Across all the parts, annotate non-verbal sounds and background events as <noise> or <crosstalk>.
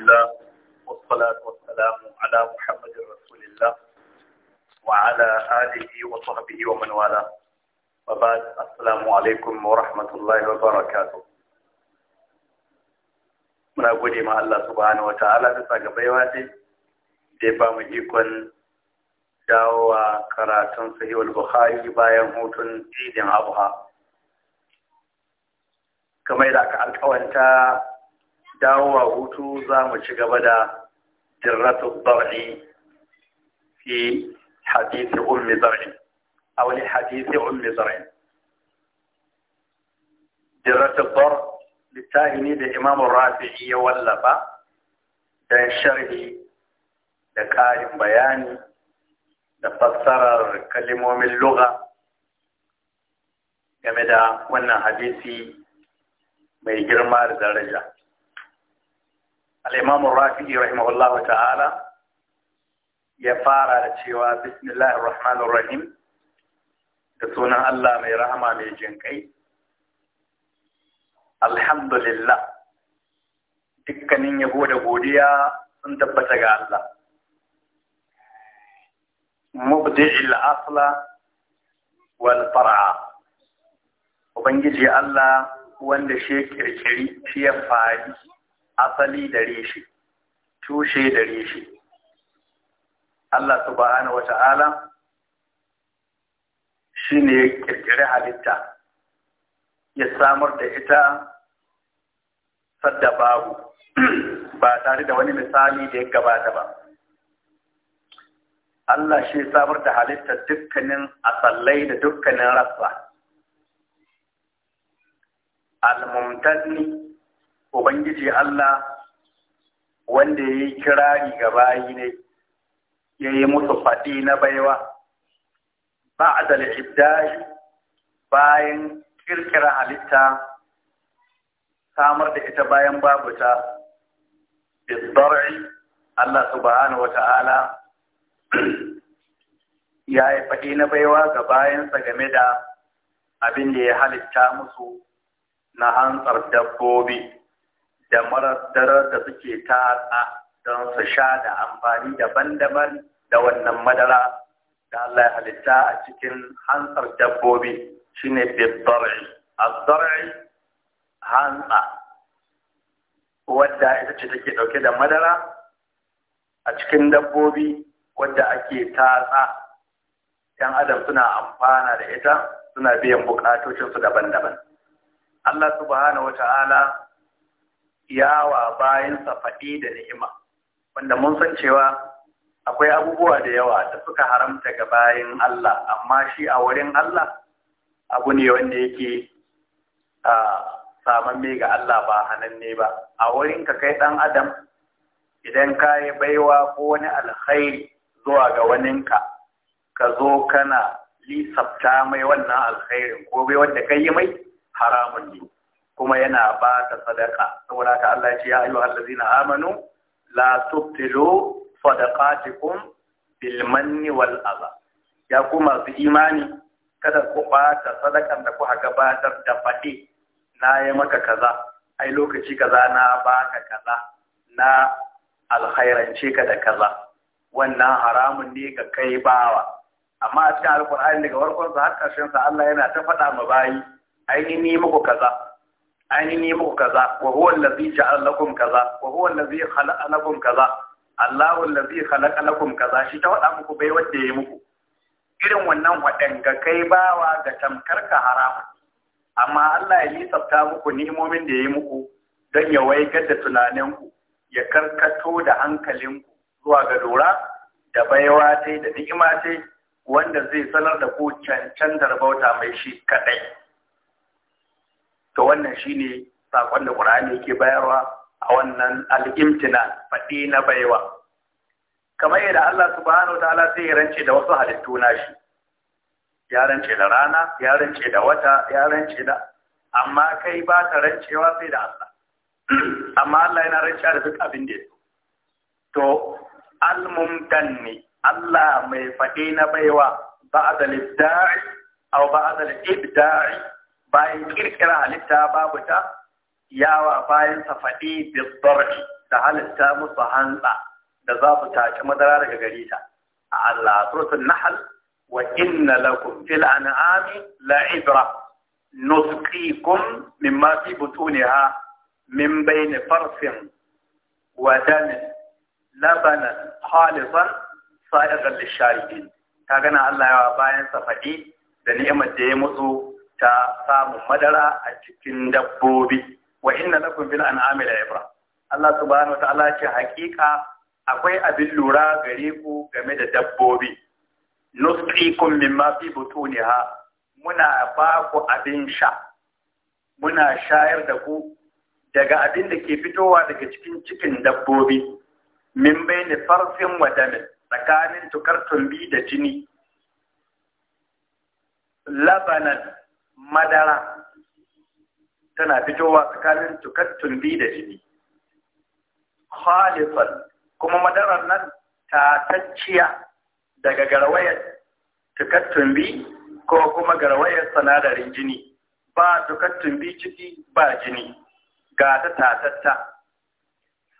الله والصلاة والسلام على محمد رسول الله وعلى آله وصحبه ومن والاه وبعد السلام عليكم ورحمة الله وبركاته muna gode ma Allah subhanahu wa ta'ala da tsaga baiwa ce da ya ba mu ikon dawowa karatun sahihul bukhari bayan hutun idin abuha kamar da aka alkawanta dawowa hutu za mu ci gaba da jirratu barni fi hadisi ummi zar'in a wani hadisi ummi zar'in jirratu bar littafi ne da imamu rafi'i ya wallafa don sharhi da ƙarin bayani da fassarar kalimomin lugha game da wannan hadisi mai girma da daraja al rafi'i rahimahullahu ta'ala ya fara da cewa bismillahir rahmanir rahim da sunan Allah mai rahama mai jinkai alhamdulillah dukkanin yabo da godiya sun tabbata ga Allah mubdi'il asla wal far'a ubangiji Allah wanda shi kirkiri shi ya fadi asali da reshe tushe da reshe Allah subhanahu ta’ala shi ne ya kirkiri halitta ya samar da ita sadda babu ba tare da wani misali da ya gabata ba Allah shi samar da halitta dukkanin asalai da dukkanin rasa. al ubangiji Allah wanda ya yi kirari ga bayi ne ya yi musu faɗi na baiwa ba a ibdahi bayan kirkira halitta samar da ita bayan babu ta bidar'i Allah subhanahu wata'ala ya yi faɗi na baiwa ga bayansa game da abin da ya halitta musu na hantsar dabbobi da marar da suke tatsa don su sha da amfani daban-daban da wannan madara da Allah ya halitta a cikin hantsar dabbobi shine bidar'i azdar'i hantsa wadda ita ce take dauke da madara a cikin dabbobi wadda ake tatsa yan adam suna amfana da ita suna biyan bukatocinsu daban-daban Allah subhanahu wata'ala yawa bayansa faɗi da ni'ima wanda mun san cewa akwai abubuwa da yawa da suka haramta ga bayan Allah amma shi a wurin Allah abu ne wanda yake a me ga Allah ba hananne ba a wurin ka kai ɗan adam idan ka yi baiwa ko wani alkhairi zuwa ga waninka ka zo kana lisafta mai wannan alkhairin ko bai wanda ka yi mai haramun ne kuma yana ba ta sadaka saboda ka Allah ya ce ya ayyuhal ladzina amanu la tubtilu sadaqatikum bil manni wal adha ya kuma su imani kada ku ba ta sadakan da ku kuka gabatar da fade na yi maka kaza ai lokaci kaza na baka kaza na alkhairance ka da kaza wannan haramun ne ga kai bawa amma a cikin alkur'ani daga warkon sa har ƙarshen sa Allah yana ta faɗa ma bayi ainihin yi muku kaza ainihin yi muku kaza wa huwa allazi ja'ala lakum kaza wa huwa allazi khalaqa lakum kaza Allahu allazi khalaqa lakum kaza shi ta wada muku bai wanda yayi muku irin wannan wadan ga kai bawa ga tamkar ka harama, amma Allah ya lisafta muku ni'imomin da ya yi muku don ya waigar da tunaninku ya karkato da hankalinku zuwa ga lura da baiwa da ni'ima wanda zai sanar da ku cancantar bauta mai shi kadai to wannan shine sakon da Qur'ani yake bayarwa a wannan al-imtina faɗi na baiwa kamar yadda Allah subhanahu wataala sai ya rance da wasu halittu nashi ya rance da rana ya rance da wata ya rance da amma kai ba ta rancewa sai da Allah <clears throat> amma Allah yana rance da duk abin da ya to al-mumtanni Allah mai faɗi na baiwa ba'da lid-da'i aw ba'da al-ibda'i bayan kirkira halitta babu ta yawa bayan safaɗi bizbarci da halitta musu hantsa da za su taci madara daga gari ta a Allah suratul nahl wa inna lakum fil an'ami la'ibra nusqikum mimma fi butuniha min bayni farsin wa damin labanan khalisan sa'igan lisharibin ta gana Allah yawa bayan safaɗi da ni'imar da ya mutu ta samun madara a cikin dabbobi wa inna lakum bil an'ami la ibra Allah subhanahu wataala ce hakika akwai abin lura gare ku game da dabbobi nusqikum mimma fi butuniha muna ba ku abin sha muna shayar da ku daga abin da ke fitowa daga cikin cikin dabbobi min bayni farsin wa damin tsakanin tukar bi da jini labanan madara tana fitowa tsakanin tukattun bi da jini khalifan kuma madarar nan ta tacciya daga garwayar tukattun bi ko kuma garwayar sanadarin jini ba tukattun bi ciki ba jini ga ta tatatta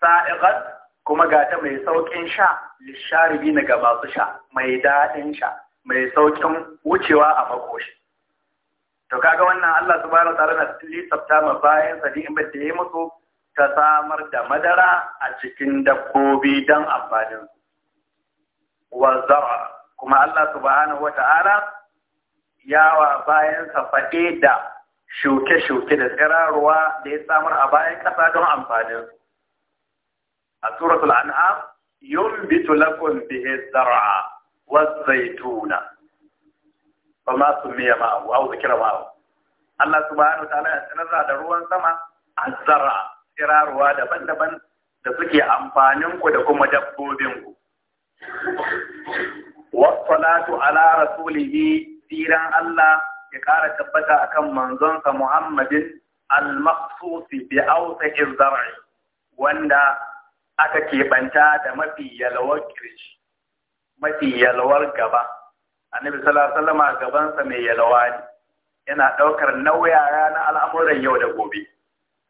Sa’iƙar kuma ga ta mai sauƙin sha lissharibi na ga masu sha mai daɗin sha mai sauƙin wucewa a makoshi to kaga wannan Allah subhanahu wataala na lissafta ma bayan sa ba da ya musu ta samar da madara a cikin dabbobi don amfanin wa zara kuma Allah subhanahu wataala yawa bayan sa faɗe da shuke-shuke da tsirarwa da ya samar a bayan kasa don amfanin a suratul an'am yunbitu lakum bihi zar'a wa zaituna fa sumiya ma'ahu aw zikra ma'ahu Allah subhanahu wataala ya sanar da ruwan sama azzara tsirarwa daban-daban da suke amfanin ku da kuma dabbobin ku wassalatu ala rasulihi tsiran Allah ya ƙara tabbata akan manzonsa Muhammadin al-maqsusi bi awsa'i zar'i wanda aka keɓanta da mafi yalwar kirji mafi yalwar gaba annabi sallallahu alaihi wasallam gabansa mai yalwa ne yana daukar nauyaya na al'amuran yau da gobe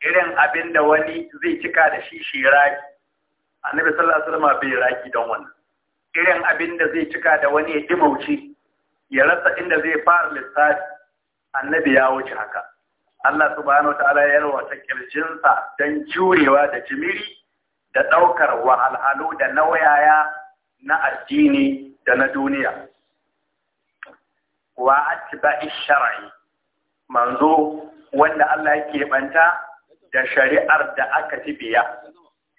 irin abin da wani zai cika da shi shi raki annabi sallallahu alaihi wasallam bai raki don wannan irin abin da zai cika da wani ya dimauci ya rasa inda zai fara lissafi annabi ya wuce haka Allah subhanahu ta'ala ya ta kirjinsa don jurewa da jimiri da ɗaukar wahalhalu da nauyaya na addini da na duniya wa atba'i shar'i manzo wanda Allah yake banta da shari'ar da aka biya.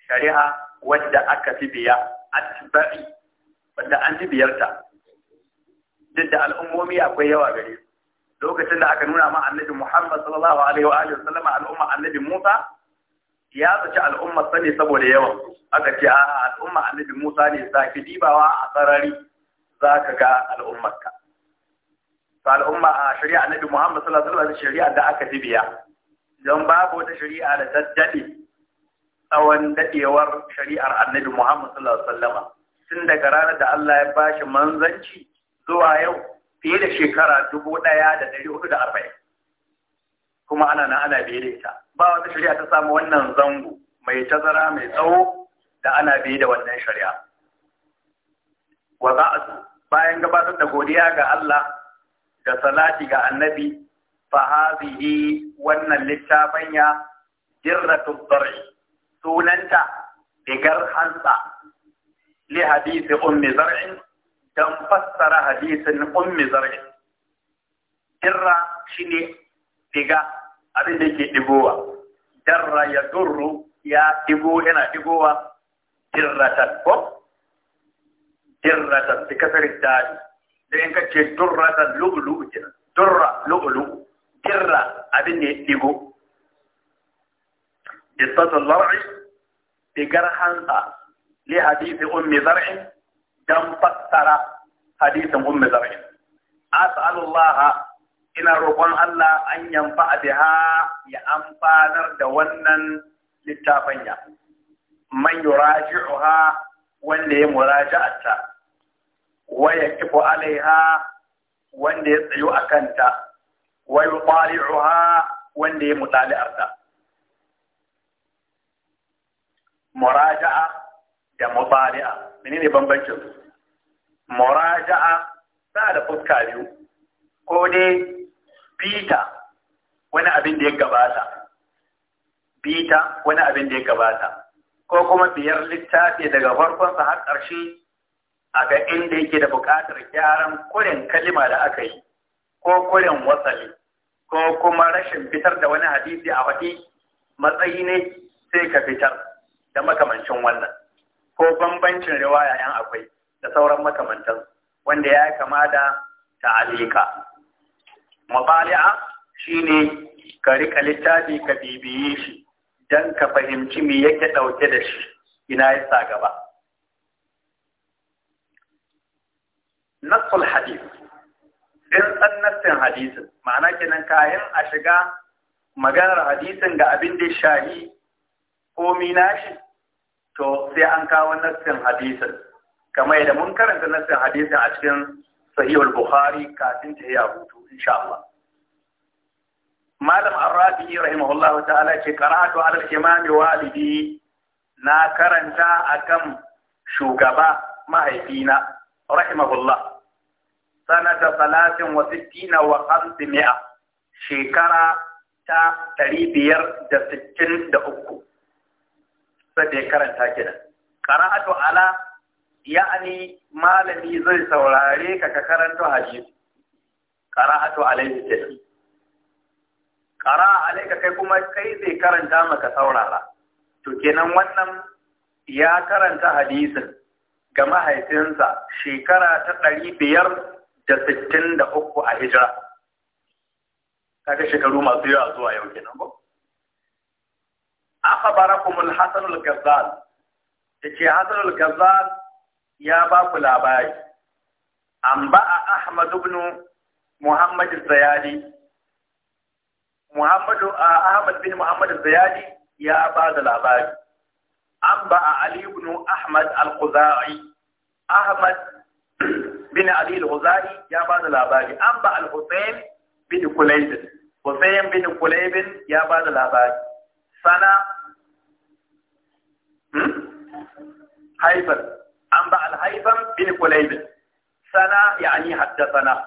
shari'a wanda aka biya atba'i wanda an tibiyarta duk da al'ummomi akwai yawa gare su lokacin da aka nuna ma annabi Muhammad sallallahu alaihi wa alihi wasallam al'umma annabi Musa ya zaci al'umma sani saboda yawan aka ce a al'umma annabi Musa ne zaki dibawa a sarari zaka ga al'ummarka to al'umma a shari'a annabi Muhammad sallallahu alaihi wasallam shari'a da aka dibiya don babu wata shari'a da ta tsawon dadewar shari'ar annabi Muhammad sallallahu alaihi wasallam tun daga ranar da Allah ya bashi manzanci zuwa yau fiye da shekara dubu ɗaya kuma ana nan ana biye da ba wata shari'a ta samu wannan zango mai tazara mai tsawo da ana biye da wannan shari'a wa bayan gabatar da godiya ga Allah da salati ga annabi fa hazihi wannan littafin ya dirratu dar'i sunanta digar hansa li hadisi ummi zar'i dan fassara hadisin ummi zari dirra shine diga abin da yake digowa darra ya durru ya digo yana digowa dirratan ko dirratan bi kasarin dadi sai in ka ce durra da lu'ulu kenan durra lu'ulu dirra abin ne digo istatul lar'i digar hansa li hadithi ummi zar'in dan fassara hadithi ummi zar'in as'alullah ina roƙon Allah an yanfa biha ya amfanar da wannan littafanya man yuraji'uha wanda ya muraja'ata waya kifu alaiha wanda ya tsayo a kanta wa yuqali'uha wanda ya mutali'arta muraja'a da mutali'a ne bambancin su muraja'a ta da fuska biyu ko dai bita wani abin da ya gabata bita wani abin da ya gabata ko kuma biyar littafi daga farkonsa har ƙarshe aga inda yake da buƙatar gyaran kurin kalima da aka yi ko kurin wasali ko kuma rashin fitar da wani hadisi a faɗi matsayi ne sai ka fitar da makamancin wannan ko bambancin riwaya yan akwai da sauran makamantan wanda ya kama ta alika. mabali'a shine ka rika littafi ka bibiye shi don ka fahimci me yake ɗauke da shi ina yasa gaba nassul hadith in san nassin hadisin ma'ana kenan kayan a shiga maganar hadisin ga abin da shahi ko minashi to sai an kawo nassin hadisin kamar yadda mun karanta nassin hadisin a cikin sahihul bukhari kafin ta ya hutu insha Allah malam arrafi rahimahullahu ta'ala ce qara'atu ala al-imam walidi na karanta akan shugaba mahaifina rahimahullah sanata salatin wa sittina wa mi'a shekara ta ɗari biyar da sittin da uku sai ya karanta kiɗan qara'atu ala ya'ani malami zai saurare ka ka karanto hadisi qara'atu alaihi kiɗan qara'a ka kai kuma kai zai karanta maka saurara to kenan wannan ya karanta hadisin ga mahaifinsa shekara ta ɗari biyar da sittin da uku a hijira kaga shekaru masu yawa zuwa yau kenan ba akhbarakum al Hassan al-gazzal yace Hassan al-gazzal ya ba ku labari an a ahmad ibn muhammad zayadi muhammadu ahmad bin muhammad zayadi ya ba da labari an ba a ali ibn ahmad al-quzai ahmad بن علي الغزالي يا بعد الأباجي أنبع الحسين بن كليب حسين بن كليب يا بعد الأباجي سنة هيثم أنبع الهيثم بن كليب سنة يعني حتى حدثنا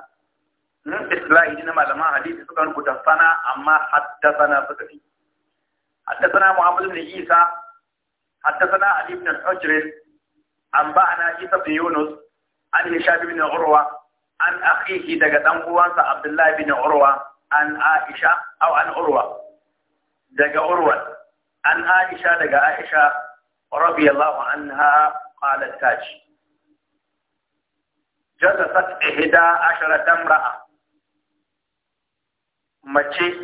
إسلاه دين ما لما حديث سكان كتفنا أما حدثنا فكفي حدثنا محمد بن عيسى حدثنا علي بن الحجر أنبعنا عيسى بن يونس عن هشام بن عروة عن أخيه دقة قوانسا عبد الله بن عروة عن عائشة أو عن عروة دقة عروة عن عائشة دقة عائشة رضي الله عنها قالت تاج جلست إحدى عشرة امرأة مجي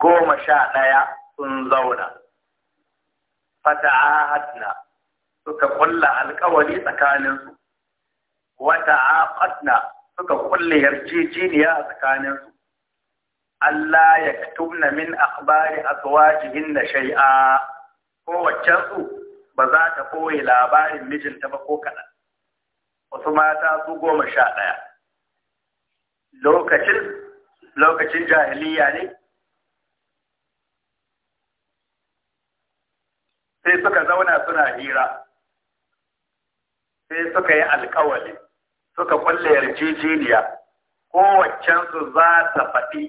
قوم sha يا sun فتعاهدنا تقول hatna suka kulla wata aqadna suka kulle yarjejeniya a tsakaninsu Allah ya tubna min akhbari azwajihin da shay'a kowace su ba za ta koyi labarin mijinta ba ko kaɗan wasu mata su goma sha ɗaya lokacin lokacin jahiliya ne sai suka zauna suna hira sai suka yi alkawalin suka kulle yarjejeniya kowaccensu za ta faɗi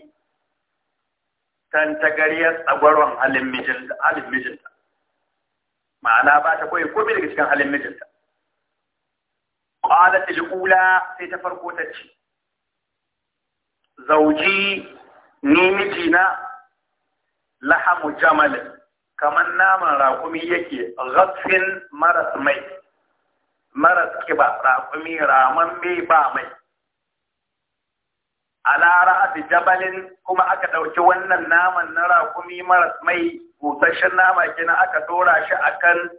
tantagariyar tsagwaron halin mijinta ma'ana ba ta koyi komai daga cikin halin mijinta qalat al-ula sai ta farko ta ce zauji ni mijina lahamu jamal kaman naman raƙumi yake ghasfin maras mai maras kiba raƙumi raman me ba mai ala ra'ati jabalin kuma aka ɗauki wannan naman na raƙumi maras mai busasshen nama kenan aka tora shi kan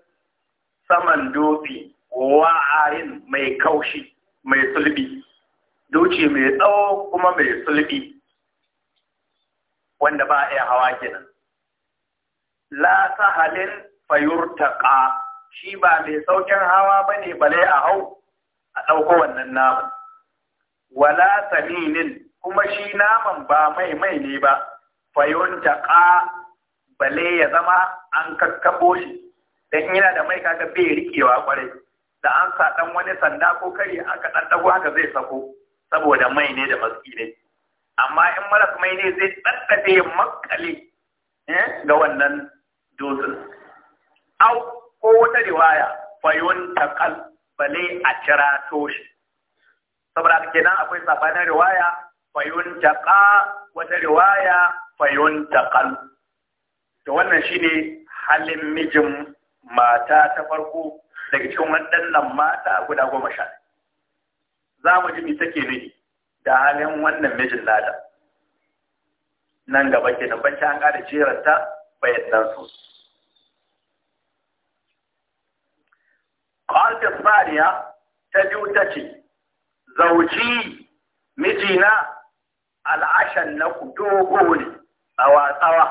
saman dutse wa'ayin mai kaushi mai sulbi doce mai tsawo kuma mai sulbi wanda ba a iya hawa kenan la sahalin fayurtaqa shi ba mai saukin hawa ba ne bale a hau a ɗauko wannan naman. Wala saminin kuma shi naman ba mai mai ne ba, fayon taƙa bale ya zama an kakkaɓo shi, don yana da mai kaga bai rikewa ƙwarai, da an sa ɗan wani sanda ko kari aka ɗan ɗago haka zai sako, saboda mai ne da matsi ne. Amma in maras mai ne zai ɗaɗɗaɗe makale eh, ga wannan dozin. Au, ko wata riwaya fayun takal bale a kira toshi saboda nan akwai sabanin riwaya ta taqa wata riwaya ta taqal to wannan shine halin mijin mata ta farko daga cikin waɗannan mata guda goma sha za mu ji me take ne da halin wannan mijin nata nan gaba kenan bacci an ƙara jeranta bayanan su ma'arfin saniya ta biyu ta ce zauci mijina al'ashan na ku dogo ne tsawa-tsawa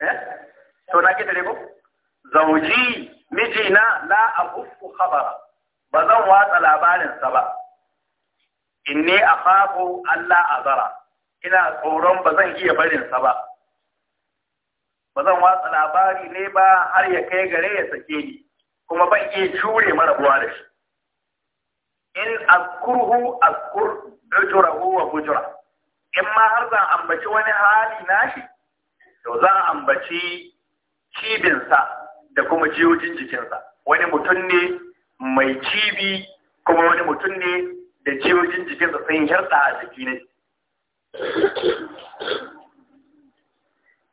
eh? to na gida ko zauci mijina la a kufu habara. ba zan watsa labarinsa ba inni a faɓo Allah a zara ina tsoron ba zan iya barinsa ba ba zan watsa labari ne ba har ya kai gare ya sake ni kuma ban iya jure marabuwa da shi in azkurhu azkur ujurahu wa ujura in ma har zan ambaci wani hali nashi to za a ambaci cibinsa da kuma jiyojin jikinsa wani mutum ne mai cibi kuma wani mutum ne da jiyojin jikinsa sun yarda a jiki ne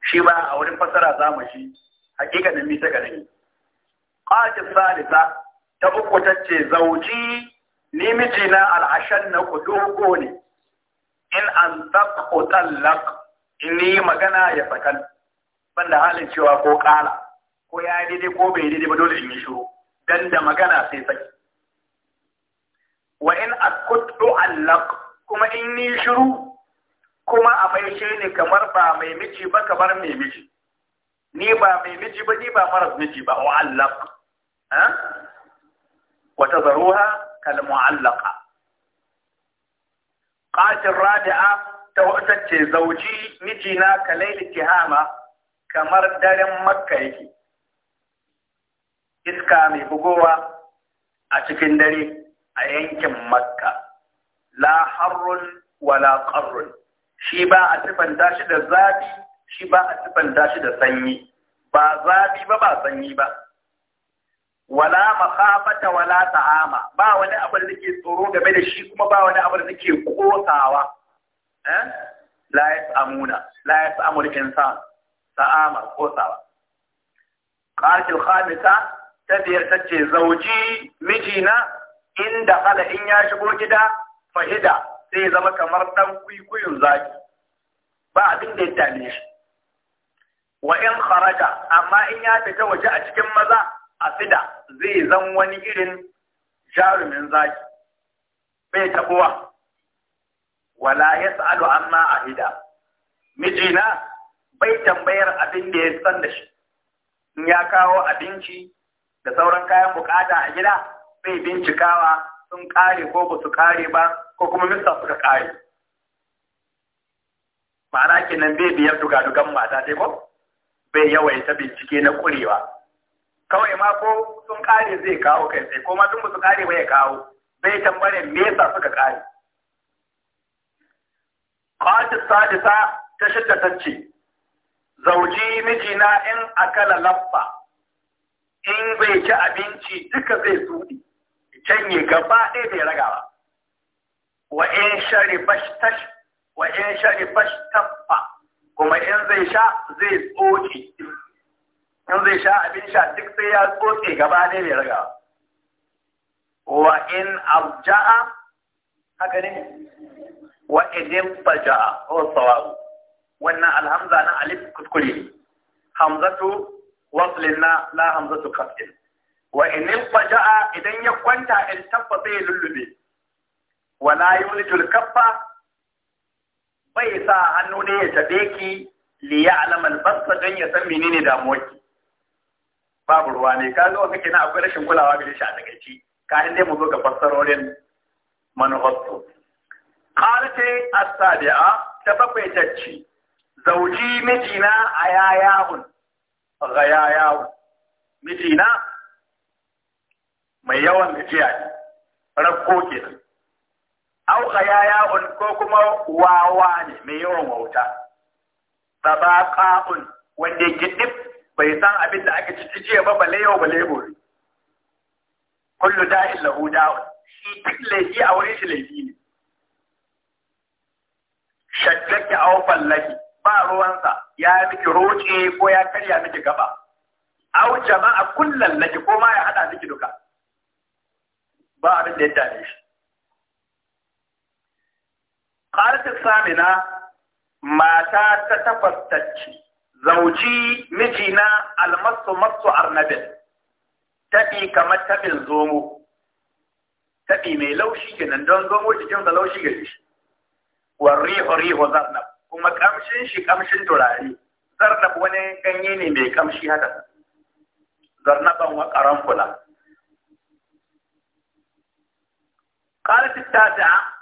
shi ba a wurin fasara zamu shi hakikanin mita yi. qatil salisa ta uku tace zauji ni mijina al'ashan na kudugo ne in an taqu talaq in yi magana ya sakan banda halin cewa ko kala ko ya yi daidai ko bai daidai ba dole in yi shiru dan da magana sai saki wa in askutu allak kuma in yi shiru kuma a maishe ne kamar ba mai miji ba kamar mai miji ni ba mai miji ba ni ba maras miji ba wa ha wa tadruha kal muallaqa rabi'a ta wata ce zauji miji na kalail tihama kamar daren makka yake iska mai bugowa a cikin dare a yankin makka la harrun wala qarrun shi ba a sifanta shi da zafi shi ba a sifanta shi da sanyi ba zafi ba ba sanyi ba wala makafata wala ta'ama ba wani abu da ke tsoro game da shi kuma ba wani abu da ke kosawa eh la yasamuna la yasamu insan ta'ama kosawa qatil khamisa ta biyar ce zauji mijina in hala in ya shigo gida fahida sai zama kamar dan kuikuyun zaki ba abin da ya dame shi wa in kharaja amma in ya fita waje a cikin maza a fida zai zan wani irin jarumin zaki bai tabuwa wala yas'alu amma ahida mijina bai tambayar abin da ya san da shi in ya kawo abinci da sauran kayan bukata a gida bai bincikawa sun kare ko ba su kare ba ko kuma mista suka kare ma'ana kenan bai biyar dugadugan mata dai ko bai yawaita bincike na ƙurewa kawai ma ko sun ƙare zai kawo kai sai kuma duk musu ƙare bai kawo bai tambayar me yasa suka ƙare qadi sadisa ta shidda tace zauji mijina in akala laffa in bai ci abinci duka zai tsudi canye gaba ɗaya bai ragawa. wa in shariba tash wa in kuma in zai sha zai tsoke in zai sha abin sha duk sai ya tsoke gaba ne mai raga wa in abja'a haka ne wa idin baja'a ko sawabu wannan alhamza na alif kuskure ne hamzatu waslin na la hamzatu kafin wa idin baja'a idan ya kwanta in tabbata ya lullube Wa yi wani kaffa bai sa hannu ne ya tabe ki li ya alamal basta don ya san menene damuwarki babu ruwa ne ka zo kake na akwai rashin kulawa gare shi a takaici ka in dai mu zo ga fassarorin manufatsu qalati as-sabi'a ta bakwai tacci zauji mijina a ghayayahun mijina mai yawan gajiya ne rakko au ya yawon ko kuma wawa ne mai yawan wauta sabaqa'un wanda gidip bai san abin da aka ci jiya ba bale yau bale gobe kullu da'in lahu da'un shi duk laifi a wurin shi laifi ne shaddaki au fallaki ba ruwansa ya miki roce ko ya karya miki gaba au jama'a kullallaki ko ma ya hada miki duka ba abin da ya dace shi qalat samina mata ta takwas tacci zauji mijina almasu masu arnabin taɓi kamar taɓin zomo taɓi mai laushi kenan don zomo jikin da laushi gari shi warriho riho zarnab kuma kamshin shi kamshin turare zarnab wani ganye ne mai kamshi haka zarnaban wa karan kula qalat tasi'a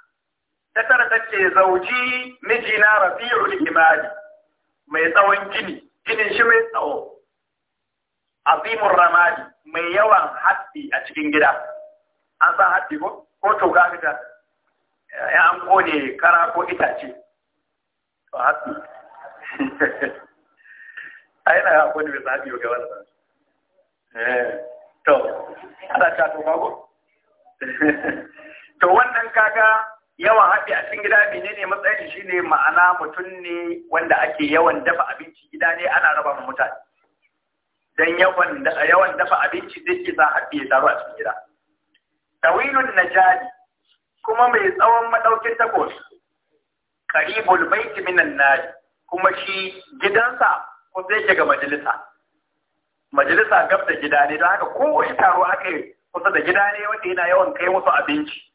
ta tara ta ce zauji mijina rafi'ul himali mai tsawon gini ginin shi mai tsawo azimur ramadi mai yawan haddi a cikin gida an san haddi ko ko to ga fita ya an kone kara ko itace to haddi a <laughs> na ya kone bai sabi ga wannan to ana ta to ko <laughs> to wannan kaga yawan haɗe a cikin gida menene matsayin shi ne ma'ana mutum ne wanda ake yawan dafa abinci gida ne ana raba ma mutane dan yawan yawan dafa abinci zai ke sa haɗe ya taru a cikin gida tawilun najali kuma mai tsawon madaukin takwas qaribul bait minan nar kuma shi gidansa ko sai ke ga majalisa majalisa gab da gida ne don haka kowace taro aka yi kusa da gida ne wanda yana yawan kai musu abinci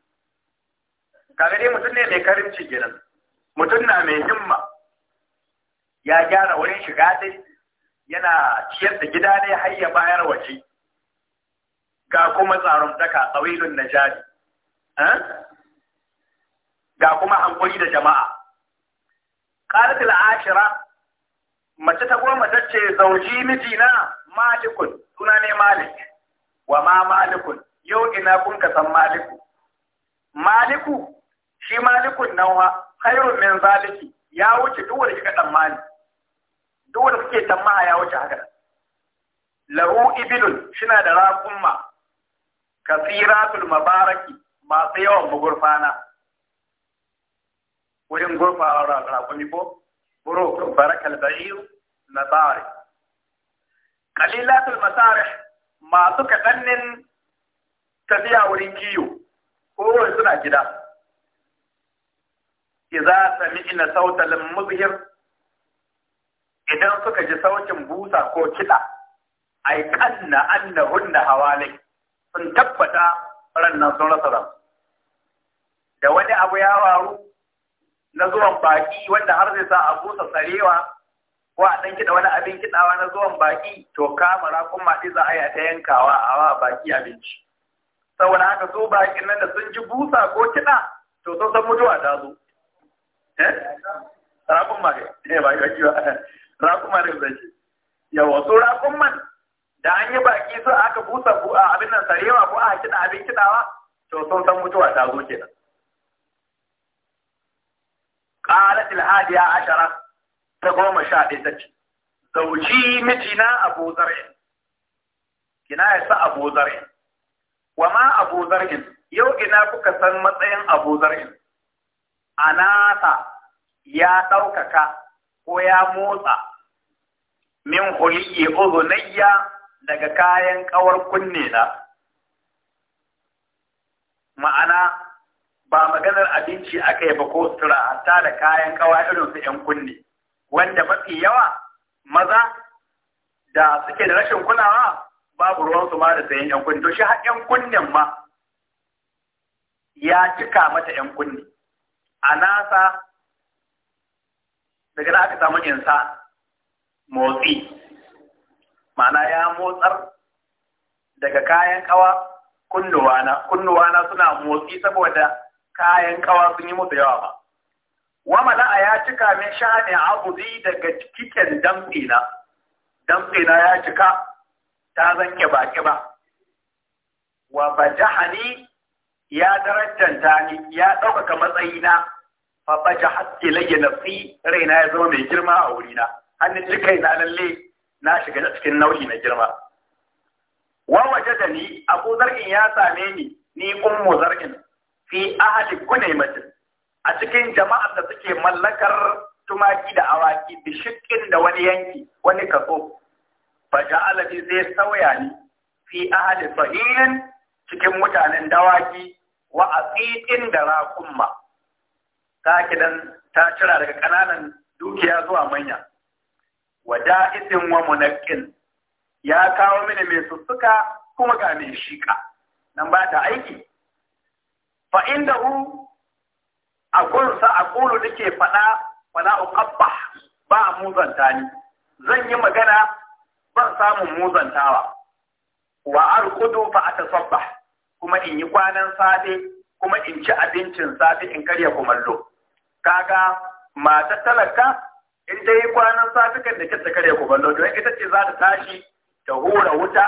kaga dai mutum ne mai karimci gidan. mutum na mai himma ya gyara wurin shiga dai yana ciyar da gida ne har ya bayar waje ga kuma tsaron daka tsawilun najadi eh? ga kuma hankuri da jama'a qalat al-ashira mace ta goma ta ce zauji mijina malikun suna ne malik wa ma malikun yau ina kun ka san maliku maliku shi malikun nan wa khairun min zaliki ya wuce duk wanda kika tsammani duk wanda kike tsammaha ya wuce haka lahu ibilun shina da raƙumma kasiratul mabaraki masu yawan mugurfana wurin gurfawar raƙumi ko buru barakal ba'iru na tsari kalilatul masarih masu kaɗannin tafiya wurin kiyo ko suna gida idza sami'na sautal muzhir idan suka ji sautin busa ko kiɗa ai kanna da hawalik sun tabbata rannan sun rasa ran da wani abu ya waru na zuwan baki wanda har zai sa a busa sarewa ko a ɗan kiɗa wani abin kiɗawa na zuwan baki to kamara kuma ɗi za a yi ta yankawa a wa baki abinci saboda haka su bakin nan da sun ji busa ko kiɗa to sun san mutuwa ta zo Eh? rakun ma ne eh, ba <laughs> rakun ce yawa so rakun man da an yi baki su aka busa a abin nan sarewa ko a kiɗa abin kiɗawa to sun san mutuwa ta zo kenan qalat al hadiya ashara ta goma sha ɗaya ta ce zauci mijina a zar'in kina ya sa a zar'in wa ma abu zar'in yau ina kuka san matsayin a zar'in anasa ya ɗaukaka ko ya motsa min huliyi uzunayya daga kayan ƙawar kunne na ma'ana ba maganar abinci a kai ba ko sutura hatta da kayan kawa irin su ‘yan kunne wanda mafi yawa maza da suke da rashin kulawa babu ruwansu ma da sayan ‘yan kunne to shi har ‘yan kunnen ma ya cika mata ‘yan kunne a nasa daga da aka samu insa motsi ma'ana ya motsar daga kayan kawa kunnuwana kunnuwana suna motsi saboda kayan kawa sun yi musu yawa ba wa mala'a ya cika min shani abudi daga cikin damtsina damtsina ya cika ta zan baki ba wa bajahani ya darajanta ni ya ɗaukaka matsayina fa bajahat ilayya nafsi raina ya zama mai girma a wurina hannun cikai na lalle na shiga cikin nau'i na girma wa ni abu zargin ya same ni ni ummu zargin fi ahali ne gunaymatin a cikin jama'ar da suke mallakar tumaki da awaki da da wani yanki wani kaso fa ja'ala zai sauya ni fi ahali sahihin cikin mutanen dawaki wa asiqin da raqumma ta kidan ta cira daga ƙananan dukiya zuwa manya wada isin wa ya kawo mini mai sussuka kuma ga mai shika nan ba ta aiki fa A aqulu sa Kulu nake faɗa fala uqabbah ba muzanta ni zan yi magana ban samun muzantawa wa arqudu fa tasabba kuma in yi kwanan safe kuma in ci abincin safe in karya kumallo kaga mata talaka in ta yi kwanan safikan da ke ta karya kuballo don ita ce za ta tashi ta hura wuta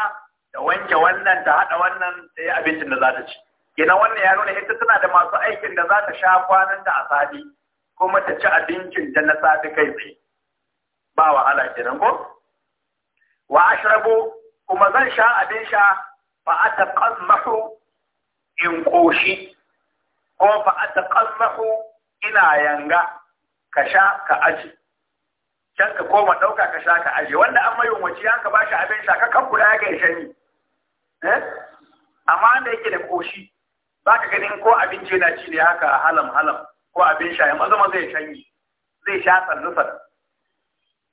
da wanke wannan ta haɗa wannan ta yi abincin da za ta ci Gina wannan ya nuna ita tana da masu aikin da za ta sha kwanan ta a Sadi, kuma ta ci abincin da na safi kai tsaye ba wahala kenan ko wa ashrabu kuma zan sha abin sha fa ataqammahu in koshi ko fa ataqammahu ina yanga ka sha ka aji can ka koma ɗauka ka sha ka aji wanda an mai umarci an ka bashi abin sha ka kan kula ya shani eh amma wanda yake da koshi ba ka ganin ko abinci yana ci ne haka halam halam ko abin sha maza zama zai shanyi zai sha sannu sannu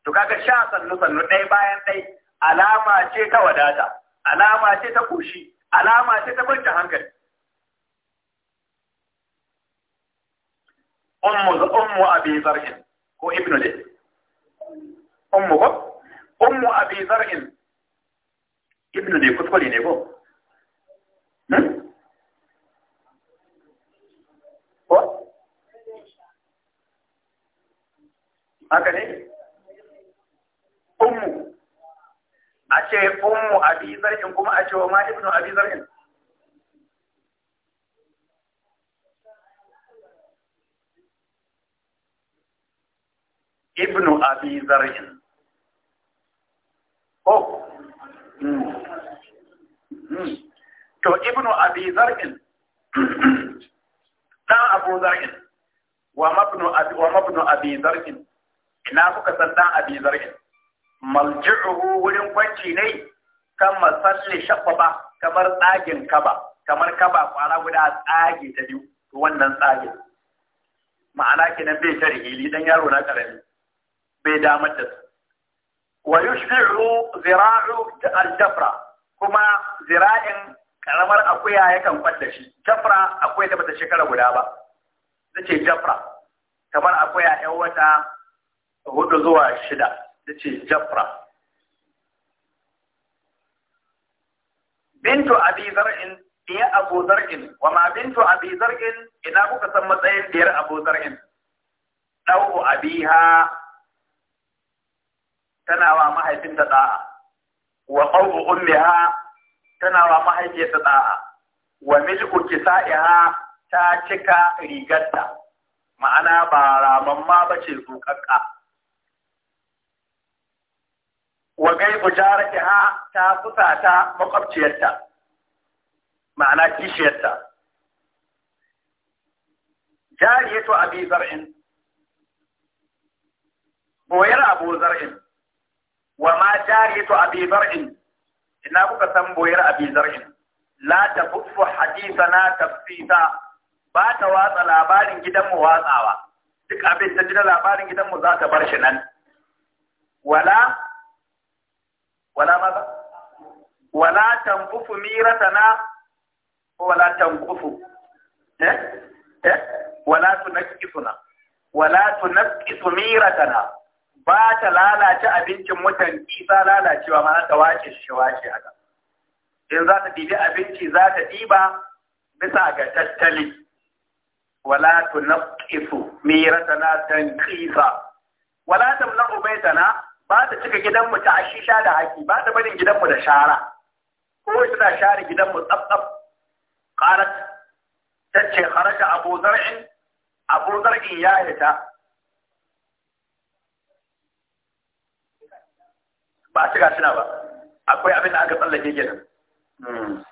to kaga sha sannu sannu ɗaya bayan ɗaya alama ce ta wadata alama ce ta koshi alama ce ta kwanciyar hankali ummu ga ummu abi ko ibnu ummu ko ummu abi zar'in ibnu ne kuskure ne ko hmm? ko haka ummu a ce ummu abi zar'in kuma a ce wa ma ibnu abi zar'in ko oh. hmm. hmm. to ibnu abi zar'in <clears throat> dan abu zar'in wa mabnu abi wa mabnu ina kuka san dan abi zar'in malji'uhu wurin kwanci ne kan masalli shabba kamar tsagin kaba kamar kaba kwara guda tsage ta biyu wannan tsagin ma'ana kenan bai tare hili dan yaro na karami bai damar da su wa yushbi'u zira'u al-jafra kuma zira'in karamar akuya yakan kwalla shi jafra akwai da bata shekara guda ba Zace jafra kamar akuya yan wata hudu zuwa shida Zace jafra bintu abi zar'in iya abu zar'in wa ma bintu abi zar'in ina kuka san matsayin biyar abu zar'in dau abiha tana wa mahaifinta da'a wa qawlu ummiha tana wa mahaifiyarta da'a wa milku kisaiha ta cika rigarta ma'ana ba ramamma bace zukakka wa gaibu jaratiha ta fusata makwabciyarta ma'ana kishiyarta jariyatu abi zar'in boyar abu zar'in wa ma jariyatu abi zar'in ina kuka san boyar abi zar'in la tafuffu hadithana tafsita ba ta watsa labarin gidan watsawa duk abin ta jira labarin gidan za ta bar shi nan wala wala maza wala tanqufu miratana wala eh eh wala wala ba ta lalace abincin mutan kisa, lalacewa ma ta wace shi wace haka in za ta ɗibi abinci za ta diba bisa ga tattali wala tunqisu miratana tanqisa wala tamna'u baitana ba ta cika gidanmu ta ashisha da haki ba ta barin gidanmu da shara ko tana share gidanmu tsaf-tsaf qalat tace kharaja abu zar'in abu zar'in ya hita ba a cika suna ba akwai abin da aka tsallake gina hmm.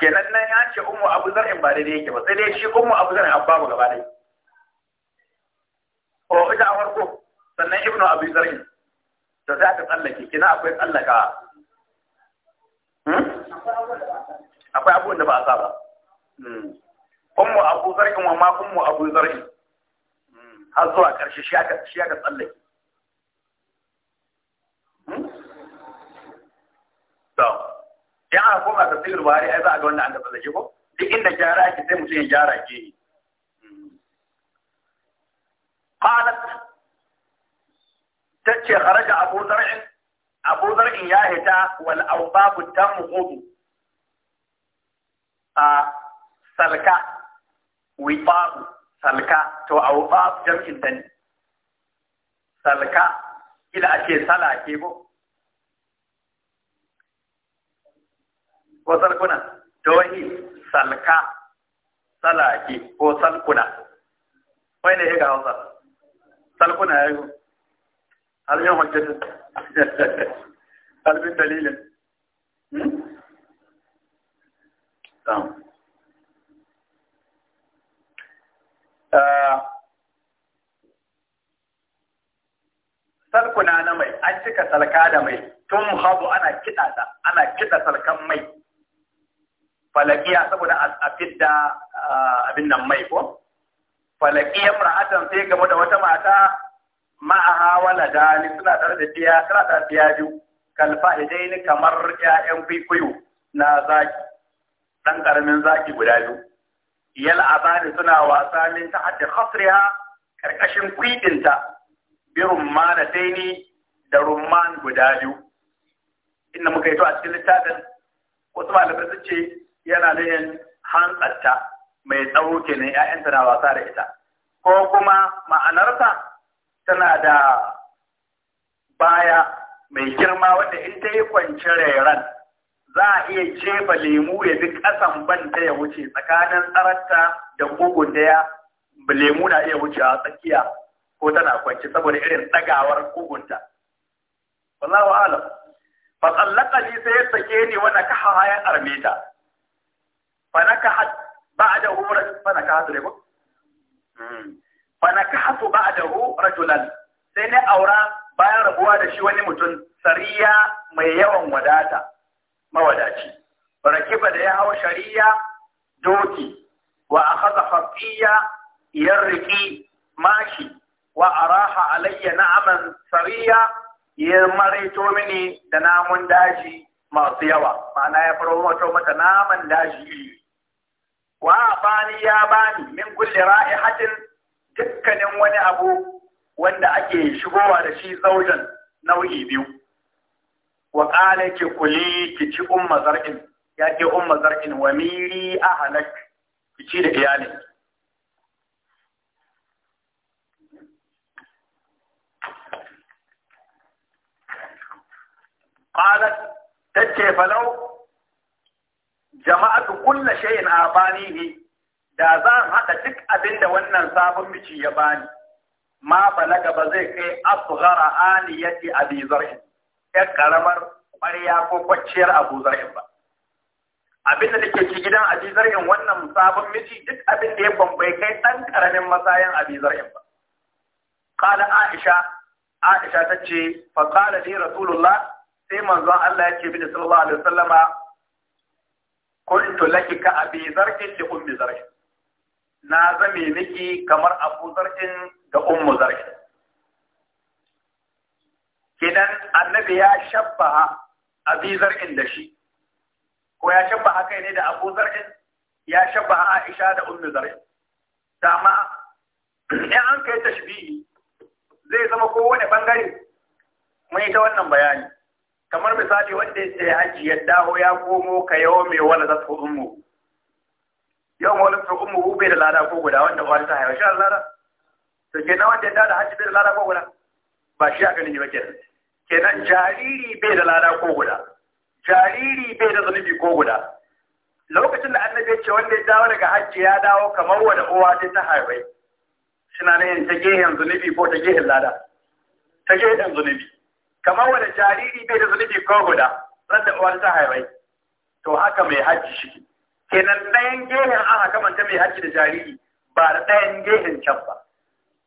kenan nan ya ce umu abu zar'in ba daidai yake ba sai dai shi umu abu zar'in abba mu gaba dai o ita a farko sannan ibnu abu zar'in ta za aka tsallake kenan akwai tsallaka hmm? akwai abubuwan da ba a sa ba hmm. umu abu zar'in wa ma umu abu zar'in har zuwa karshe shi aka tsallake in aka koma tafsirin buhari ai za a ga wannan an da fasake ko duk inda gyara ake sai mutum ya gyara ke yi qalat tace kharaja abu zar'in abu zar'in ya hita wal mu tamhudu a salka wibabu salka to awbab jam'in dani salka ila ake salake ko ko salkuna dohi salka salaki ko salkuna wai ne ga hausa salkuna ya yi halin hujjatin halin dalilin ah. salkuna na mai an cika salka da mai tun habu ana kiɗa ana kiɗa salkan mai falakiya saboda a fidda abin nan mai ko falakiya fara'atan sai game da wata mata ma'aha da ni suna tare da biya suna tare da biya biyu kalfa ni kamar ƴaƴan kwaikwayo na zaki ɗan ƙaramin zaki guda biyu yal abani suna wasa min ta hadda khasriha karkashin kwidinta bi ni da rumman guda biyu inda muka yi to a cikin littafin wasu malamai sun ce yana nihin hantsatta mai tsawo kenan ‘ya'yanta na wasa da ita, ko kuma ma'anarsa tana da baya mai girma wadda in ta yi kwanci rairan za a iya jefa lemu ya bi ƙasan banta ya wuce tsakanin tsararta da bugun daya lemu na iya wucewa tsakiya ko tana kwanci saboda irin tsagawar kugunta. Wallahu alam. Ba tsallaka ni sai ya sake ni wanda ka hayan armeta. فنكحت بعده رجل فنكحت لكم فنكحت بعده رجلا سنة أورا bayan rabuwa da shi wani mutum sariya mai yawan wadata mawadaci rakiba da ya hawa shari'a doki wa akhadha faqiya yarqi mashi wa araha alayya na'aman sariya ya maraito mini da namun daji masu yawa ma'ana ya faro mata naman daji wa bani ya bani min kulli ra'ihatin dukkanin wani abu wanda ake shigowa da shi zaujan nau'i biyu wa qala ki kuli ki ci umma zar'in ya ke umma zar'in wa miri ahlak ki ci da iyali qalat tace falau jama'atu kulla shay'in abanihi da zan haɗa duk abinda wannan sabon miji ya bani ma balaga ba zai kai asghara aniyati abi zar'in ya karamar ƙwarya ko kwacciyar abu zar'in ba abin da take ci gidan abi zar'in wannan sabon miji duk abin da ya bambai kai ɗan karamin masayan abi zar'in ba qala aisha aisha tace fa qala li rasulullah sai manzon Allah ya ce bi sallallahu alaihi wasallama kuntu laki ka abi zarkin li ummi zarkin na zame miki kamar abu zarkin ga ummu zarkin kidan annabi ya shabbaha abi zarkin da shi ko ya shabbaha kai ne da abu zarkin ya shabbaha aisha da ummu zarkin dama in an kai tashbihi zai zama kowane bangare mun yi ta wannan bayani kamar misali wanda ya sai haji ya dawo ya komo ka yau mai wala za su ummu yau wala su ummu hu da lada ko guda wanda wani ta haifa shi lada to kenan wanda ya dawo da haji bai da lada ko guda ba shi aka nuni ba kenan kenan jariri bai da lada ko guda jariri bai da zunubi ko guda lokacin da annabi ya ce wanda ya dawo daga hajji ya dawo kamar wanda uwa ta ta haifa suna ne ta gehen zunubi ko ta gehen lada ta gehen zunubi kamar wani jariri bai da zunubi ko guda ran da uwar ta haifai to haka mai hajji shi kenan ɗayan gehen an haka manta mai hajji da jariri ba da ɗayan gehen can ba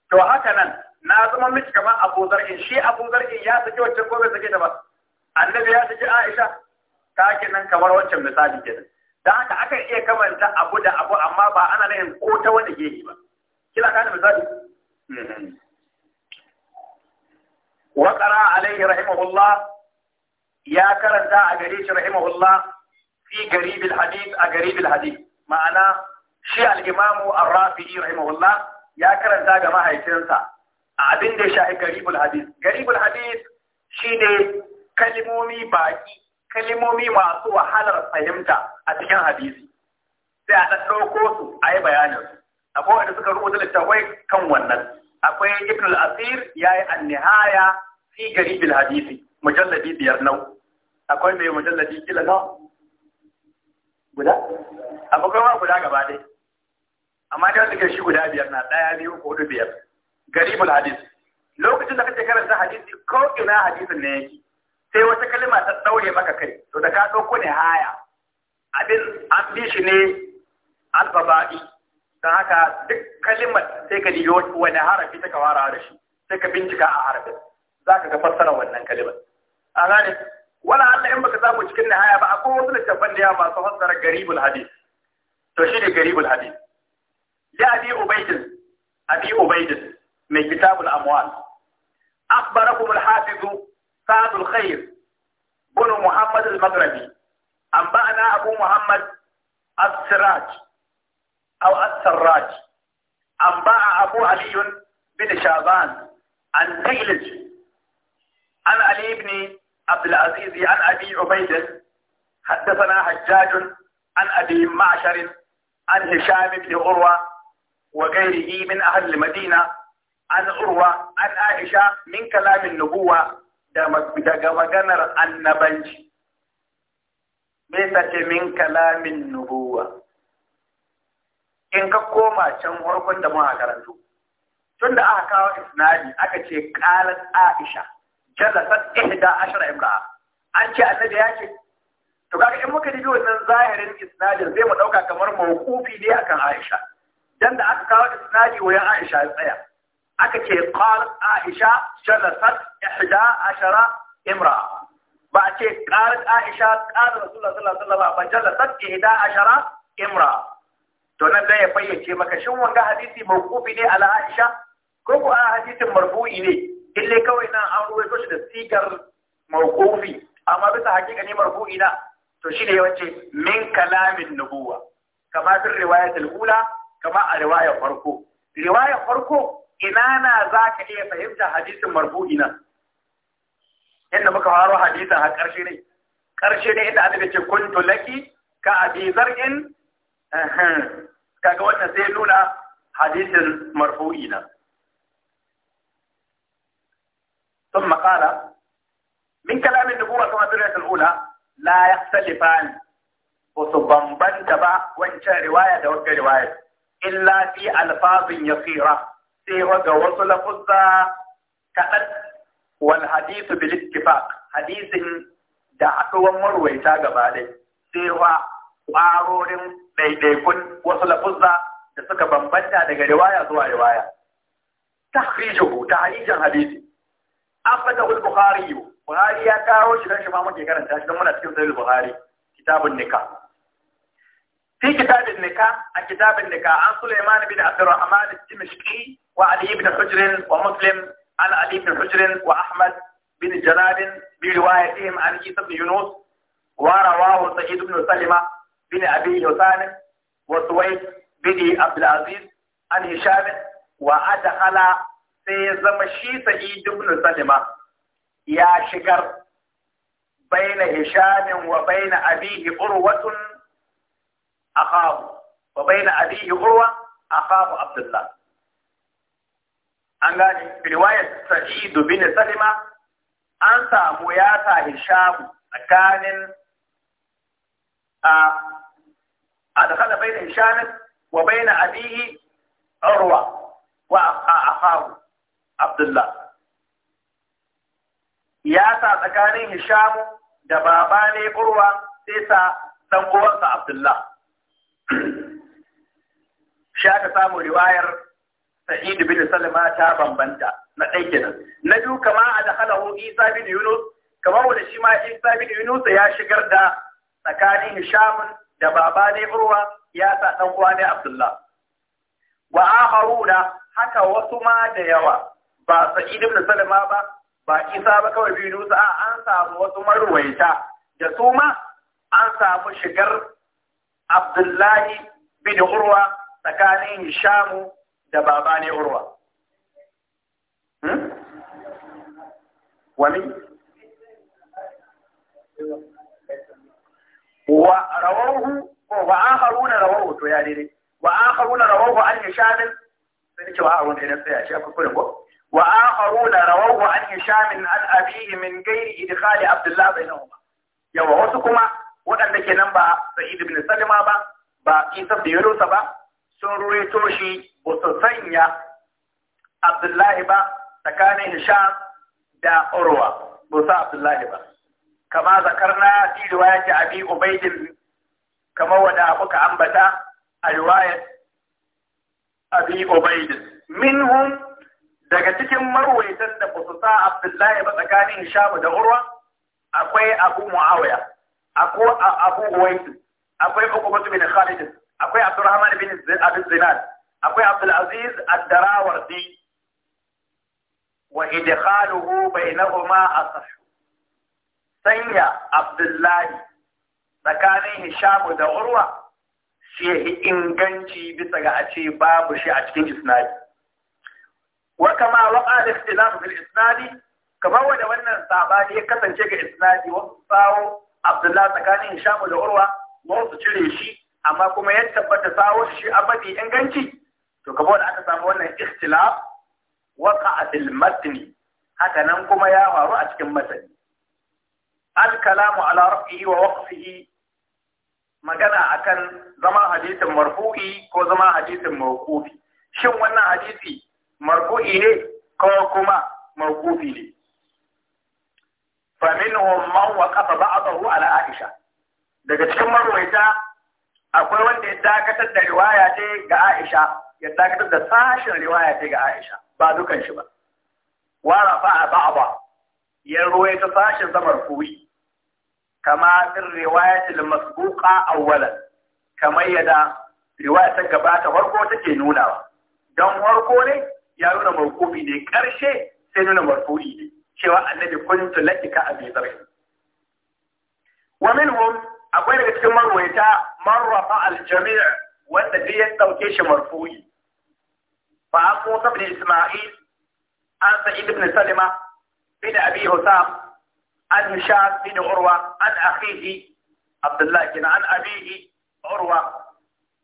to haka nan na zama miki kamar abu zargin shi abu zargin ya saki wancan ko bai saki ta ba annabi ya saki aisha ta kenan kamar wancan misali kenan da haka aka iya kamanta abu da abu amma ba ana nan ko ta wani gehe ba kila ka da misali mm-hmm. wa qara alaihi rahimahullah ya karanta a gare shi fi garibil hadith a garibil hadith ma'ana shi al-imamu ar-rafi'i ya karanta ga mahaifinsa a abin da ya shafi garibul hadith garibul hadith shine kalmomi baƙi, kalimomi masu wahalar fahimta a cikin hadisi sai a ɗauko su a yi bayanin akwai wanda suka rubuta littattafai kan wannan akwai ibn al-asir yayi an-nihaya fi garib al-hadisi mujalladi biyar nau akwai mai mujalladi kila nau guda akwai ma guda gaba dai amma da suke shi guda biyar na daya biyu ko hudu biyar garib al-hadis lokacin da kake karanta hadisi ko ina hadisin ne yake sai wata kalma ta daure maka kai to da ka dauko ne haya abin an bi shi ne al-baba'i don haka duk kalimar sai ka diga wani harafi ta kawara da shi sai ka bincika a harafin za ka ga fassarar wannan kalimar a gane wala Allah in baka samu cikin nihaya ba akwai wasu littafan da ya masu fassara garibul hadis to shi ne garibul hadis ya abi ubaidin abi ubaidin mai kitabul amwal akhbarakum al-hafiz sa'd al-khair bin muhammad al-maghribi anba'ana abu muhammad as-siraj أو السراج أنباع أبو علي بن شعبان عن تيلج عن علي بن عبد العزيز عن أبي عبيد حدثنا حجاج عن أبي معشر عن هشام بن عروة وغيره من أهل المدينة عن عروة عن عائشة من كلام النبوة daga maganar annabanci نبنج sace من كلام النبوة in ka koma can farkon da muka karanto tun da aka kawo isnadi aka ce qalat aisha jalasat ihda ashara imra'a an ce annabi ya ce to kaga in muka dubi wannan zahirin isnadin zai mu dauka kamar mawqufi ne akan aisha dan da aka kawo isnadi wayan aisha ya tsaya aka ce qalat aisha jalasat ihda ashara imra'a ba a ce qalat aisha qala rasulullah sallallahu alaihi wasallam ba jalasat ihda ashara imra'a to nan dai ya fayyace maka shin wanga hadisi mawqufi ne ala Aisha ko ko a hadisin marfu'i ne ille kawai nan an ruwaito shi da sigar mawqufi amma bisa hakika ne marfu'i na to shine ya wace min kalamin nubuwa kama bin riwayatul ula kama a riwayar farko riwayar farko ina na zaka iya fahimta hadisin marfu'i na inda muka faro hadisin har karshe ne karshe ne inda annabi ce kuntu laki ka abi zar'in kaga wannan sai nuna hadisin marfu'i na ثم قال من كلام النبوة كما في الأولى لا يختلفان وسبنبن تبع وانشا رواية دوك رواية إلا في ألفاظ يصيرة سيوى وصل فزة كأن والحديث بالاتفاق حديث da haɗuwan marwaita gaba ɗaya sai wa ƙwarorin ɗaiɗaikun wasu lafuzza da suka bambanta daga riwaya zuwa riwaya tahrijuhu tahrijin hadisi afatahu al-bukhari bukhari ya kawo shi dan shi ma muke karanta shi dan muna cikin sahih bukhari kitabun nikah في كتاب النكاح كتاب النكاح عن سليمان بن عبد الرحمن الدمشقي وعلي بن حجر ومسلم عن علي بن حجر وأحمد بن جناد بروايتهم عن عيسى بن يونس ورواه سعيد بن سلمة بن أبي حسان وسويد بن عبد العزيز عن هشام وأدخل سيزم شي سعيد بن سلمة يا شكر بين هشام وبين أبيه عروة أخاه وبين أبيه عروة أخاه عبد الله an gane riwayar sa'idu bin salima an samu ya sa hishamu tsakanin أدخل بين هشام وبين أبيه عروة وأخاه عبد الله ya sa tsakanin Hishamu da baba ne urwa sai sa dan uwansa Abdullah sha ka samu riwayar Sa'id bin Salma ta bambanta na ɗai kenan na biyu kama a da halahu Isa bin Yunus kamar wanda shi ma Yunus ya shigar da tsakanin Hisham da baba ne Urwa ya sa dan uwa ne Abdullah wa akharuna haka wasu ma da yawa ba Sa'id ibn Salama ba ba Isa ba kawai biyu a an samu wasu marwaita da su ma an samu shigar Abdullahi bin Urwa tsakanin Hisham da baba ne Urwa hmm? wani wa rawahu wa akharuna rawahu to ya daidai wa akharuna rawahu an yashamil sai nake wa akharuna idan sai ya shi akwai ko wa akharuna rawahu an yashamil an abihi min ghairi idkhali abdullah bainahuma wasu kuma waɗanda ke nan ba sa'id ibn salima ba ba isa da yarusa ba sun ruwaito shi ba su sanya abdullahi ba tsakanin hisham da urwa ba su abdullahi ba kama zakarna fi riwayati abi ubaidin kama wada muka ambata a riwayat abi ubaidin minhum daga cikin marwaitan da ba sa abdullahi ba tsakanin hishamu da urwa akwai abu muawiya akwai abu uwaisu akwai ukubatu bin khalid akwai abdurrahman bin abin zinad akwai abdulaziz ad-darawardi wa idkhaluhu bainahuma asah sanya abdullahi tsakanin hishamu da urwa shi ya yi inganci bisa ga a ce babu shi a cikin isnadi wa kama wa al-ikhtilaf fil isnadi kamar wanda wannan sabani ya kasance ga isnadi wasu sawo abdullahi tsakanin hishamu da urwa ba su cire shi amma kuma ya tabbata sawo shi a mafi inganci to kamar wanda aka samu wannan ikhtilaf waqa fil matni haka nan kuma ya faru a cikin masani. al-kalamu ala rafihi wa waqfihi magana akan zama hadisin marfu'i ko zama hadisin mawqufi shin wannan hadisi marfu'i ne ko kuma mawqufi ne faminhum man waqafa ba'dahu ala Aisha daga cikin marwaita akwai wanda ya dakatar da riwaya ce ga Aisha ya dakatar da sashin riwaya ce ga Aisha ba dukan shi ba wa rafa'a ba? ya ta sashi zamar kuwi kama in riwayatul a awwalan kamar yadda riwaya ta gabata warko take nunawa don farko ne ya nuna marfu'i ne ƙarshe sai nuna marfu'i ne cewa annabi kuntu lakika a mezarai wamin minhum akwai daga cikin marwayata man rafa wanda duk ya ɗauke shi marfu'i fa abu sabri isma'il an sa'id ibn salima بن أبي هشام عن هشام بن عروة عن أخيه عبد الله بن عن أبيه عروة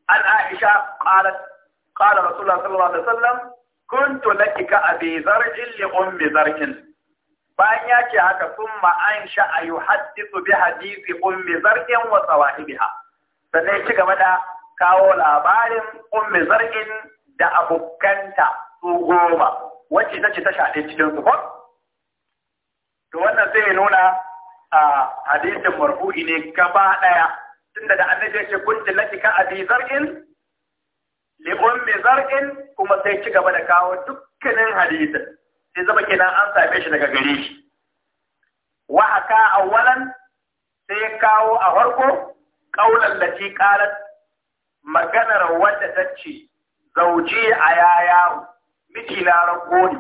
عن عائشة قالت قال رسول الله صلى الله عليه وسلم كنت لك كأبي زرع لأم زرع bayan ya ce haka sun ma'an sha'a yi haddisu bi hadisi ummi zargin wa sawahibiha sannan ci gaba da kawo labarin ummi zargin da abokanta su goma wacce ta ce ta shaɗe cikin su ko to wannan zai nuna a hadisin marfu'i ne gaba daya tunda da annabi ya ce kunti latika abi zargin, li ummi zargin, kuma sai ci gaba da kawo dukkanin hadisin sai zama kenan an same shi daga gare shi wa haka awwalan sai ya kawo a farko kaulan da ci qalat maganar wadda ta ce zauji a yayawo miki na rago ne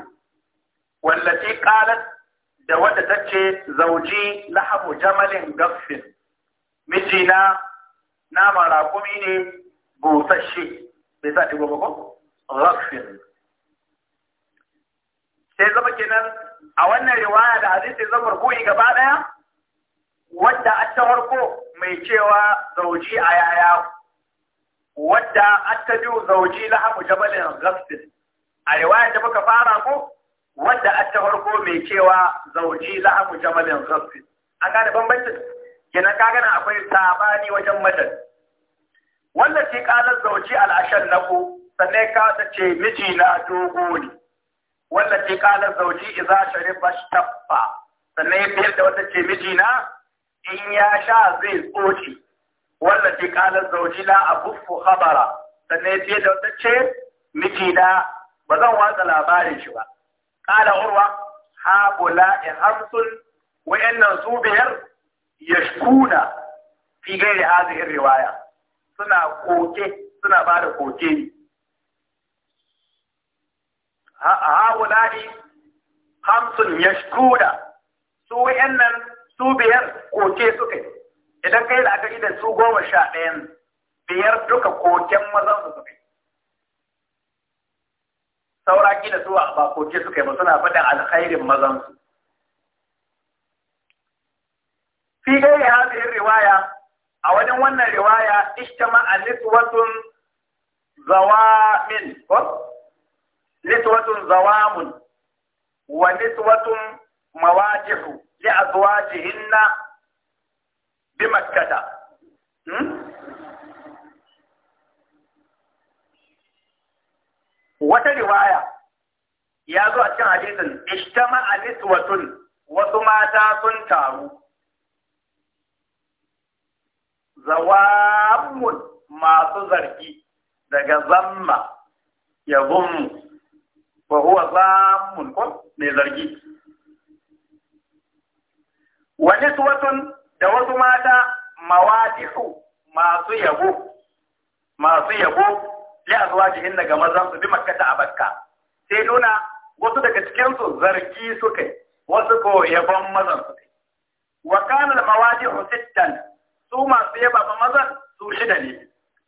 wallace qalat da wadda ta ce zauji lahabu jamalin gaffin mijina na marakumi ne busasshe bai sa ta gobe ko gaffin sai zama kenan a wannan riwaya da hadisi zama rukuyi gaba daya wadda a ta farko mai cewa zauji a yaya wadda a ta biyu zauji lahabu jamalin gaffin a riwaya da muka fara ko wanda a ta farko mai cewa zauji lahamu jamalin zafi a gane bambancin kenan ka gana akwai sabani wajen madan wanda ce kalar zauji al'ashan na ku sannan ka ta ce miji na dogo ne wanda ce kalar zauji iza sharifa shtaffa sannan ya fiye da wata ce miji na in ya sha zai tsoci wanda ce kalar zauji la buffu habara sannan ya fiye da wata ce miji na ba zan watsa labarin shi ba قال عروة هؤلاء خمس وإن زوبير يشكون في غير هذه الرواية سنة كوكي سنة بعد كوكي هؤلاء خمس يشكون su nan su biyar koke suka idan kai la'akari da su goma sha ɗayan biyar duka koken mazan su suka saura kila zuwa a bakoke suka yi ba suna faɗin alkhairin mazansu fi haɗe yin riwaya a wajen wannan riwaya ishtama a zawa zawamin ko niswatun zawamun wa niswatun mawajihu li na bi makkata hmm? wata riwaya ya zo a cikin hadisin ishtama aniswatun wasu mata sun taru zawamun masu zargi daga zamma ya zummu ba huwa zamun ko mai zargi wani suwatun da wasu mata mawadisu masu yabo masu yabo li azwajihin ga mazan su bi makkata a bakka sai nuna wasu daga cikin su zargi suka yi wasu ko yabon mazan su yi wa kana al mawajihu sittan su masu yaba mazan su shida ne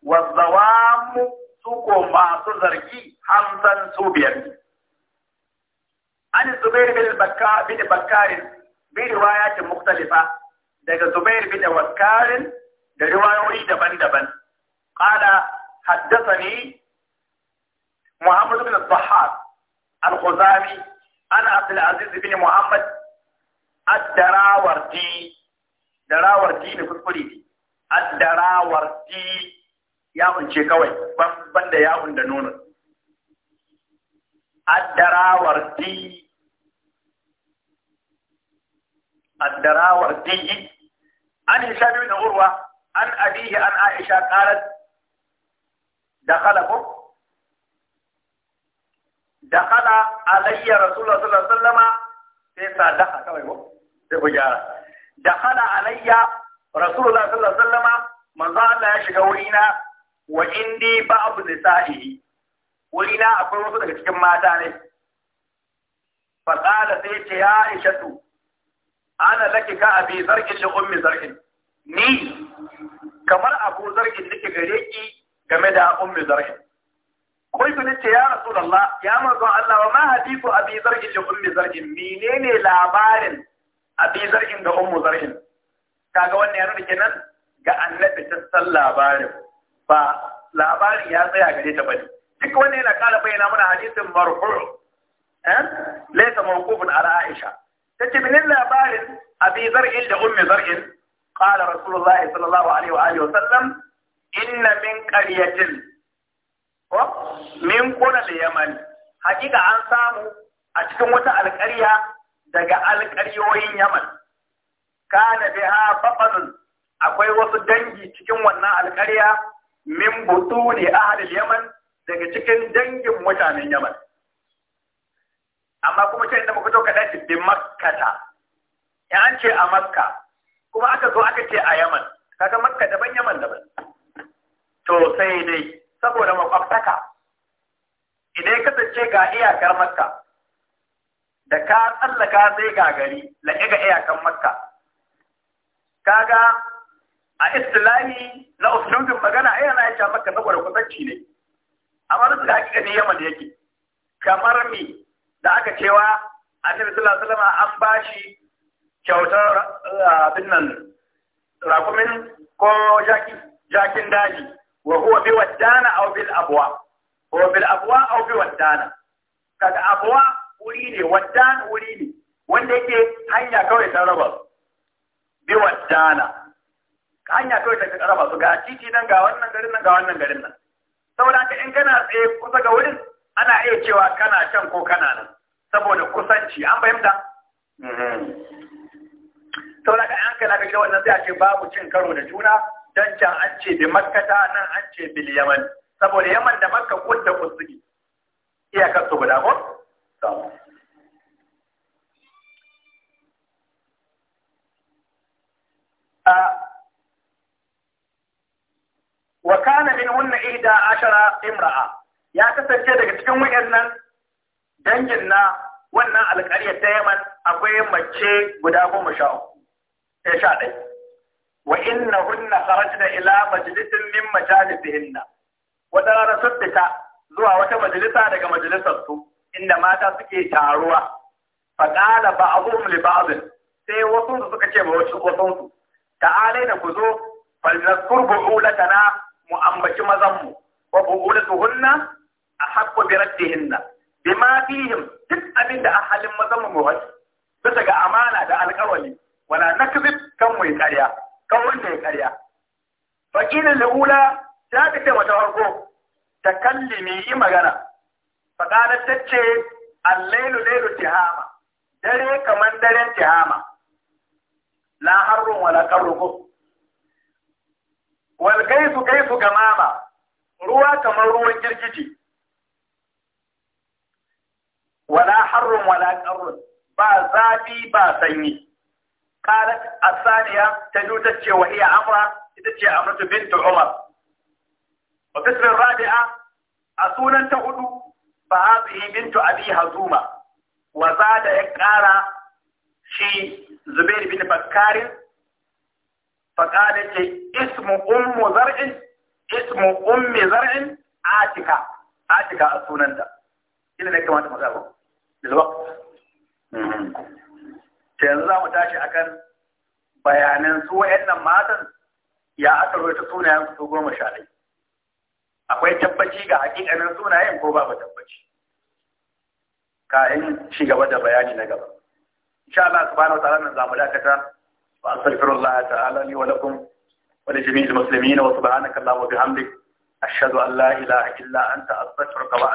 wa zawam su ko masu zargi hamsan su biyar ne an zubair bin bakka bin bakkarin bi riwayatin mukhtalifa daga zubair bin bakkarin da riwayoyi daban-daban qala حدثني محمد بن الضحاك الخزامي أنا عبد العزيز بن محمد الدراورتي دراورتي نقول قريبي الدراورتي يا من شيكاوي بند يا من دنون الدراورتي الدراورتي عن هشام بن عروة عن أبيه عن عائشة قالت dakhala ko dakhala alayya rasulullah sallallahu alaihi sai sa daha kawai ko sai ku gyara dakhala alayya rasulullah sallallahu alaihi wasallama ya shiga wurina wa indi ba'd nisa'ihi wurina akwai wasu daga cikin mata ne fa qala sai ce ya aishatu ana laki ka abi zarkin li ummi zarkin ni kamar abu zargin game da ummi zar'i qultu nace ya rasulullah ya manzo Allah wa ma hadithu abi zar'in li ummi zar'in menene labarin abi zar'in da ummu zar'in kaga wannan ya nuna kenan ga annabi ta san labarin ba labarin ya tsaya gare ta bane duk wannan yana kara bayyana mana hadisin marfu' eh laysa mawqufun ala aisha tace min labarin abi zar'in da ummi zar'in qala rasulullahi sallallahu alaihi wa alihi wa sallam inna min qaryatin ko min da yaman hakika an samu a cikin wata alƙarya daga alƙaryoyin yaman kana ha babanun akwai wasu dangi cikin wannan alƙarya min butuni halin yaman daga cikin dangin mutanen yaman amma kuma ce da muka zo kada ta bi makkata ya an ce a makka kuma aka zo aka ce a yaman kaga makka daban yaman daban to sai dai saboda makwabtaka idan ka kasance ga iyakar makka da ka tsallaka sai ga gari laƙi ga iyakar makka kaga a istilahi na usulun magana ai yana yace makka saboda kusanci ne amma da hakika ne yaman da yake kamar mi da aka cewa annabi sallallahu alaihi wasallam an bashi kyautar eh, abin nan rakumin ko jakin daji وهو huwa او بالابواء هو بالابواء او ko bil ابواء aw ودان waddana kaga abwa wuri ne waddan wuri ne wanda yake hanya kawai ta raba bi hanya kawai ta su ga titi nan ga wannan garin nan ga wannan garin nan saboda ka in kana tsaye kusa ga wurin ana iya cewa kana can ko kana nan saboda kusanci an fahimta mm-hmm. saboda ka an kana ga wannan sai a ce babu cin karo da juna dan can an ce bi makkata nan an ce bil yaman saboda yaman da makka ku suke iyakar su guda ko wa kana min hunna ihda ashara imra'a ya kasance daga cikin wayannan dangin na wannan alƙarya ta Yaman akwai mace guda goma sha uku eh, sha ɗaya wa hunna kharajna ila majlisin min majalisihinna wadara sun fita zuwa wata majalisa daga majalisar su inda mata suke taruwa fa qala ba'dhum li ba'd sai wasu su suka ce ba wasu wasu su ta'alai da ku zo fal nazkur bu'ulatana mu ambaci mazan mu wa bu'ulatuhunna ahaqqu bi raddihinna bima fihim duk abinda da ahalin mazan mu mu bisa amana da alƙawari wala nakzib kan mu yi ƙarya kawon da ya karya fakilin la'ula ta fi ce mata farko ta kallimi yi magana faƙalar ta ce allailu lailu tihama dare kamar daren tihama la harrun wala karruko wal gaisu gaisu mama. ruwa kamar ruwan girgiji wala harrun wala karrun ba zafi ba sanyi قالت الثانية تجوتت وهي عمرة تجوتت عمرة بنت عمر وقسم الرابعة أصولا تهدو فهذه بنت أبي هزومة وزاد يقال شي زبير بن بكار فقالت اسم أم زرع اسم أم زرع عاتكة عاتكة أصولا إذا كما تمتابه للوقت yanzu za mu tashi akan bayanan su wa'annan matan ya aka rawaita sunayen su goma sha ɗaya akwai tabbaci ga hakikanin sunayen ko babu tabbaci Ka ka'in ci gaba da bayani na gaba insha Allah subhanahu wa ta'ala nan zamu dakata wa astaghfirullah ta'ala li wa lakum wa li jami'il muslimin wa subhanaka allahumma wa bihamdik ashhadu an la ilaha illa anta astaghfiruka wa